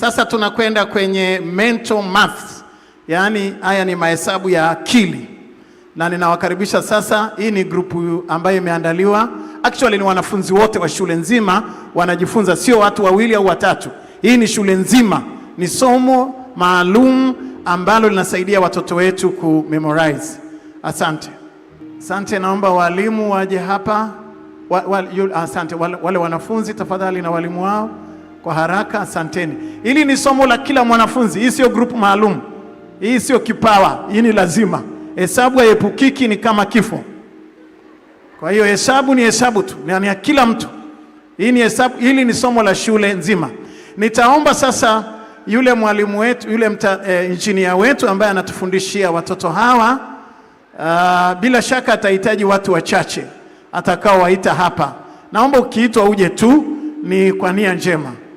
Sasa tunakwenda kwenye mental math, yaani haya ni mahesabu ya akili, na ninawakaribisha sasa. Hii ni grupu ambayo imeandaliwa, actually ni wanafunzi wote wa shule nzima wanajifunza, sio watu wawili au watatu. Hii ni shule nzima, ni somo maalum ambalo linasaidia watoto wetu ku memorize. Asante, asante. Naomba walimu waje hapa wa, wa, yu, asante wale, wale wanafunzi tafadhali na walimu wao. Kwa haraka, asanteni. Hili ni somo la kila mwanafunzi. Hii sio grupu maalum, hii sio kipawa, hii ni lazima. Hesabu haiepukiki, ni kama kifo. Kwa hiyo hesabu ni hesabu tu, ni ya kila mtu. Hii ni hesabu, hili ni somo la shule nzima. Nitaomba sasa yule mwalimu wetu yule mta, e, injinia wetu ambaye anatufundishia watoto hawa a, bila shaka atahitaji watu wachache atakaowaita hapa. Naomba ukiitwa uje tu, ni kwa nia njema.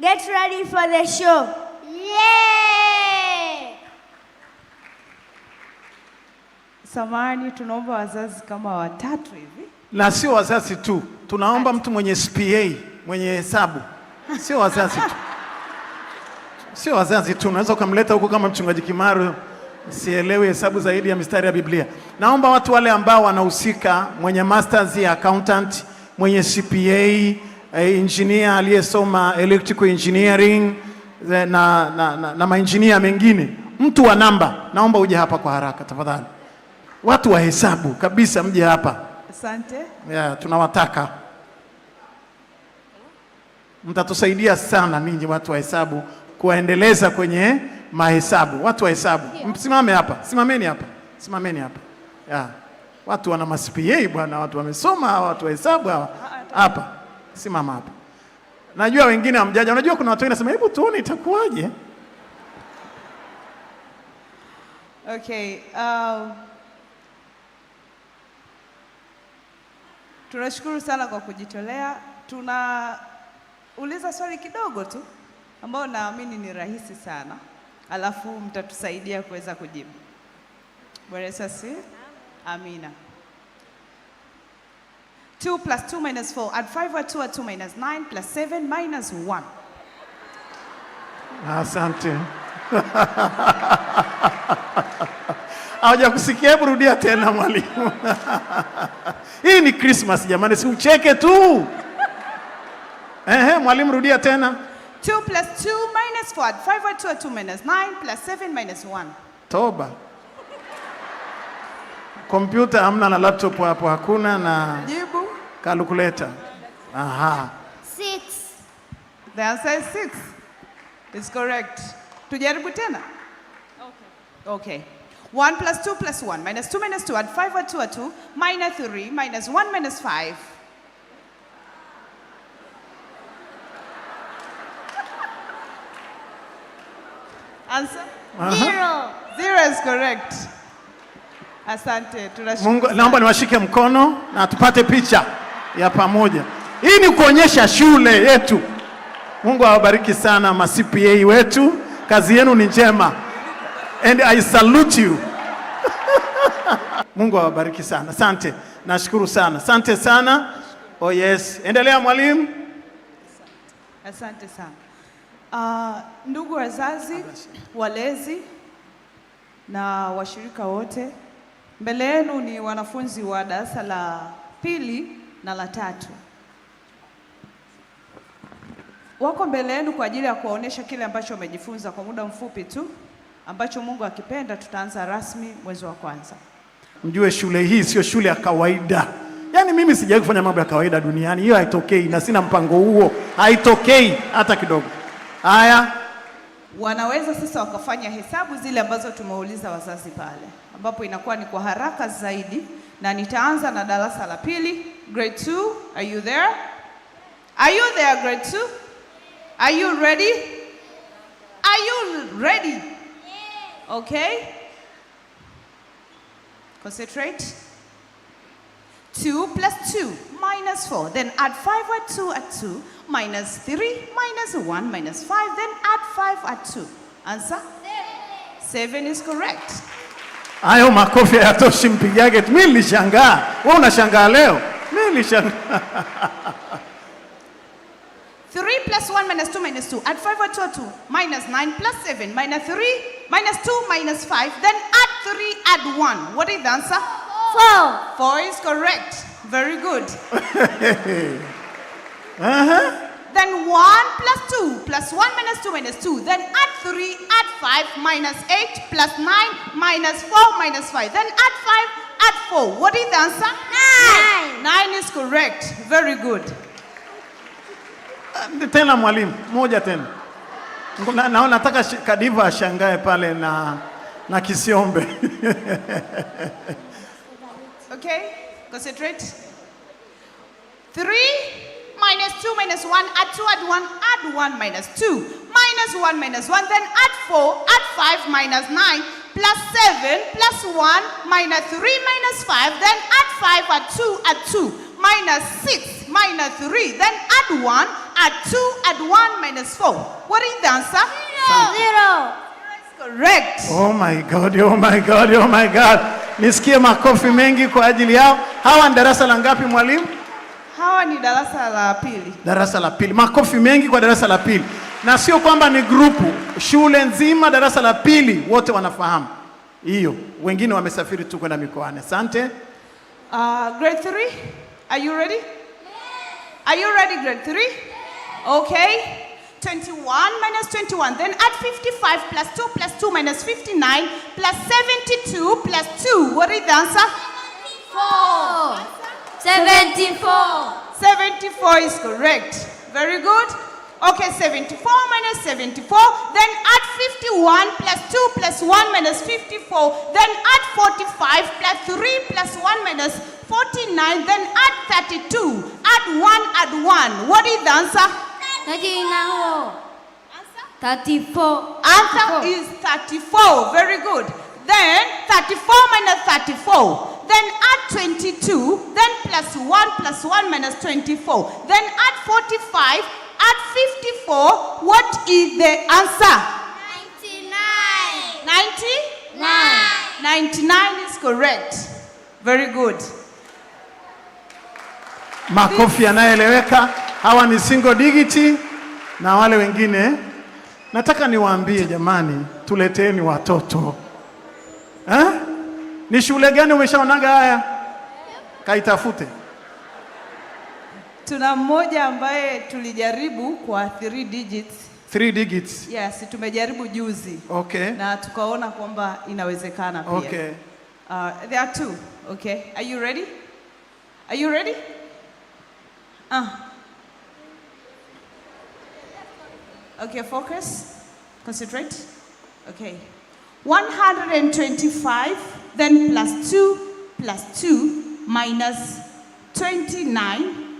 Get ready for the show. Yeah! Samani, tunaomba wazazi kama watatu hivi. Na sio wazazi tu, tunaomba mtu mwenye SPA, mwenye hesabu. Sio wazazi tu. Sio wazazi tu, unaweza ukamleta huko kama mchungaji Kimaru, sielewi hesabu zaidi ya mistari ya Biblia. Naomba watu wale ambao wanahusika, mwenye masters ya accountant, mwenye CPA Eh, engineer aliyesoma electrical engineering eh, na, na, na, na mainjinia mengine, mtu wa namba, naomba uje hapa kwa haraka tafadhali. Watu wa hesabu kabisa, mje hapa. Asante yeah, tunawataka mtatusaidia sana ninyi watu wa hesabu kuwaendeleza kwenye mahesabu. Watu wa hesabu msimame hapa, simameni hapa, simameni hapa yeah. Watu wana maspa bwana, watu wamesoma hawa, watu wa hesabu hawa hapa simama hapa. Najua wengine hamjaja. Unajua kuna watu nasema, hebu tuone itakuwaje. Okay, uh, tunashukuru sana kwa kujitolea. Tunauliza swali kidogo tu ambayo naamini ni rahisi sana, alafu mtatusaidia kuweza kujibu. Bwana Yesu asifiwe. Amina. 2 plus 2 minus 4. Add 5 or 2 or 2 minus 9 plus 7 minus 1. Asante. Hawajakusikia, hebu rudia tena mwalimu. Hii ni Christmas jamani, si ucheke tu. Ehe, mwalimu rudia tena. 2 plus 2 minus 4. 5 or 2 or 2 minus 9 plus 7 minus 1. Toba. Kompyuta hamna na laptop hapo hakuna na Calculator. Aha. Six. The answer is six. It's correct. Tujaribu tena. Okay. Okay. One plus two plus one. minus two minus two. add five or two or two. minus three. minus one minus five. Answer? Uh -huh. Zero. Zero is correct. Asante. Tunashukuru. naomba niwashike mkono na tupate picha ya pamoja. Hii ni kuonyesha shule yetu. Mungu awabariki sana ma CPA wetu, kazi yenu ni njema and I salute you Mungu awabariki sana, asante. Nashukuru sana, asante sana. Oh yes, endelea mwalimu. Asante sana. Uh, ndugu wazazi, walezi na washirika wote, mbele yenu ni wanafunzi wa darasa la pili na la tatu wako mbele yenu kwa ajili ya kuwaonyesha kile ambacho wamejifunza kwa muda mfupi tu, ambacho Mungu akipenda tutaanza rasmi mwezi wa kwanza. Mjue shule hii sio shule ya kawaida. Yaani mimi sijawahi kufanya mambo ya kawaida duniani, hiyo haitokei na sina mpango huo, haitokei hata kidogo. Haya, wanaweza sasa wakafanya hesabu zile ambazo tumeuliza wazazi pale, ambapo inakuwa ni kwa haraka zaidi, na nitaanza na darasa la pili Grade 2, are you there? Are you there, grade 2? Are you ready? Are you ready? Okay? Concentrate. 2 plus 2 minus 4. Then add 5 at 2 at 2 minus 3 minus 1 minus 5. Then add 5 at 2. Answer? 7 is correct. Iyo makofi ya mpigiage. Mimi nilishangaa, wewe unashangaa leo. 3 plus 1 minus 2 minus 2. Add 5 or 2 2. Minus 9 plus 7. Minus 3 minus 2 minus 5. Then add 3, add 1. What is the answer? 4. 4 is correct. Very good. uh-huh. Then 1 plus 2 plus 1 minus 2 minus 2. Then add 3, add 5, minus 8 plus 9 minus 4 minus 5. Then add 5 word four. What is the answer? Nine. Nine is correct. Very good. Uh, tena mwalimu, moja tena. Na, na, nataka sh, Kadiva ashangae pale na na Kisiombe. Okay, concentrate. Three minus two minus one, add two, add one, add one minus two, minus one minus one, then add four, add five minus nine plus 7 plus 1 minus 3 minus 5 then add 5 add 2 add 2 minus 6 minus 3 then add 1 add 2 add 1 minus 4 what is the answer zero, zero. correct oh my god oh my god oh my god nisikie makofi mengi kwa ajili yao hawa ni darasa la ngapi mwalimu hawa ni darasa la pili darasa la pili makofi mengi kwa darasa la pili na sio kwamba ni grupu, shule nzima, darasa la pili wote wanafahamu hiyo. Wengine wamesafiri tu kwenda mikoani. Asante. Uh, grade 3, are you ready? Are you ready grade 3? Okay. 21 minus 21 then add 55 plus 2 plus 2 minus 59 plus 72 plus 2 what is the answer? 74. 74. 74 is correct. Very good. Okay, 74 minus 74. Then add 51 plus 2 plus 1 minus 54. Then add 45 plus 3 plus 1 minus 49. Then add 32. Add 1, add 1. What is the answer? Thirty four. Answer? 34. Answer 34. is 34. Very good. Then 34 minus 34 then add 22, then plus 1 plus 1 minus 24, then add 45 At 54, what is the answer? 99. 90? Nine. 99 is correct. Very good. Makofi yanayoeleweka. Hawa ni single digit na wale wengine, nataka niwaambie jamani, tuleteeni watoto eh? Ni shule gani umeshaonaga haya? Kaitafute tuna mmoja ambaye tulijaribu kwa three digits Three digits. Yes, tumejaribu juzi. Okay. Na tukaona kwamba inawezekana pia. Okay. Uh, there are two. Okay. Are you ready? Are you ready? Ah. Okay, focus. Concentrate. Okay. 125 then plus 2 plus 2 minus 29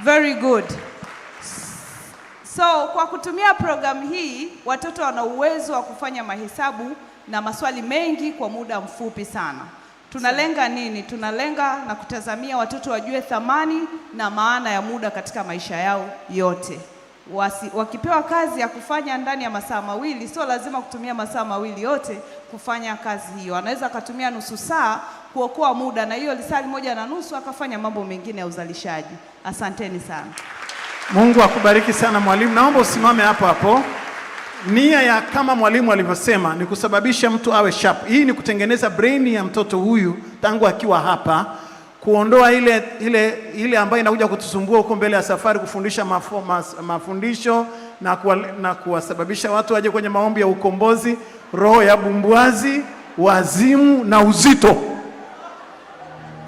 Very good. So kwa kutumia programu hii watoto wana uwezo wa kufanya mahesabu na maswali mengi kwa muda mfupi sana. Tunalenga nini? Tunalenga na kutazamia watoto wajue thamani na maana ya muda katika maisha yao yote. Wasi, wakipewa kazi ya kufanya ndani ya masaa mawili, sio lazima kutumia masaa mawili yote kufanya kazi hiyo. Anaweza akatumia nusu saa kuokoa muda, na hiyo lisali moja na nusu akafanya mambo mengine ya uzalishaji. Asanteni sana. Mungu akubariki sana mwalimu. Naomba usimame hapo hapo. Nia ya kama mwalimu alivyosema ni kusababisha mtu awe sharp. Hii ni kutengeneza brain ya mtoto huyu tangu akiwa hapa, kuondoa ile, ile, ile ambayo inakuja kutusumbua huko mbele ya safari, kufundisha mafo, mas, mafundisho na, kuwa, na kuwasababisha watu waje kwenye maombi ya ukombozi, roho ya bumbwazi, wazimu na uzito.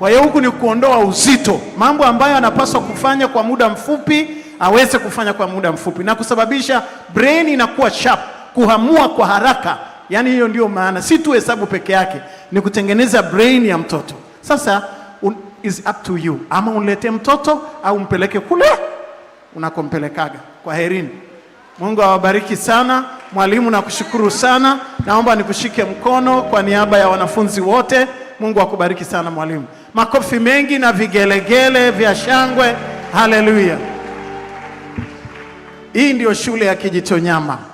Kwa hiyo huku ni kuondoa uzito, mambo ambayo anapaswa kufanya kwa muda mfupi aweze kufanya kwa muda mfupi, na kusababisha brain inakuwa sharp, kuhamua kwa haraka. Yaani hiyo ndiyo maana, si tu hesabu peke yake, ni kutengeneza brain ya mtoto. Sasa un, is up to you, ama unlete mtoto au mpeleke kule unakompelekaga. Kwa herini, Mungu awabariki sana. Mwalimu, nakushukuru sana, naomba nikushike mkono kwa niaba ya wanafunzi wote. Mungu akubariki sana mwalimu. Makofi mengi na vigelegele vya shangwe. Haleluya! Hii ndiyo shule ya Kijitonyama.